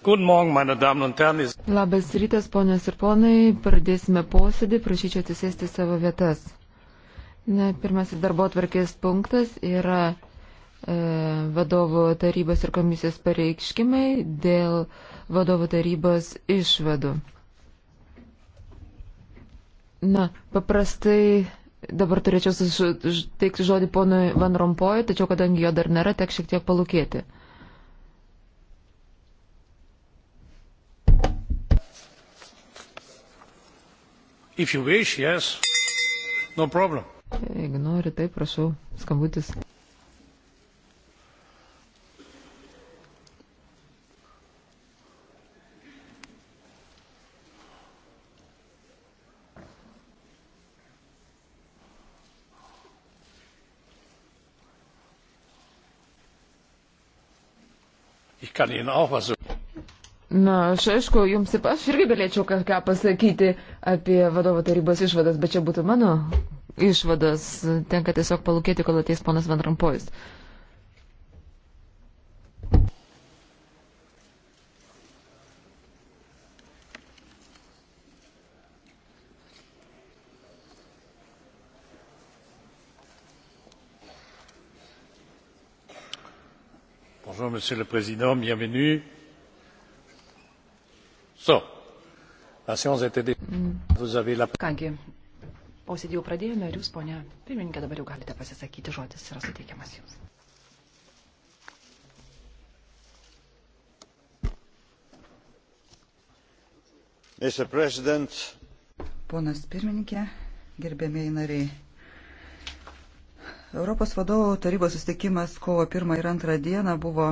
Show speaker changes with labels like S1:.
S1: Labas rytas, ponios ir ponai, pradėsime posėdį, prašyčiau atsisėsti savo vietas. Na, pirmasis darbo atvarkės punktas yra e, vadovo tarybos ir komisijos pareikškimai dėl vadovo tarybos išvadų. Na, paprastai dabar turėčiau suteikti žodį ponui Van Rompojui, tačiau kadangi jo dar nėra, tek šiek tiek palūkėti. If you wish, yes. No problem. Jeigu nori, tai prašau, skambutis. Ich kann Ihnen auch was Na, aš aišku, jums ir aš irgi galėčiau kažką pasakyti apie vadovo tarybos išvadas, bet čia būtų mano išvadas. Tenka tiesiog palūkėti, kol ateis ponas Van Rampojus. Bonjour, Monsieur le Président, bienvenue. So, mm. Kągi, posėdį jau pradėjome ir jūs, ponia pirmininkė, dabar jau galite pasisakyti, žodis yra suteikiamas jums. Ponas pirmininkė, gerbėmiai nariai. Europos vadovų tarybos susitikimas kovo 1 ir 2 dieną buvo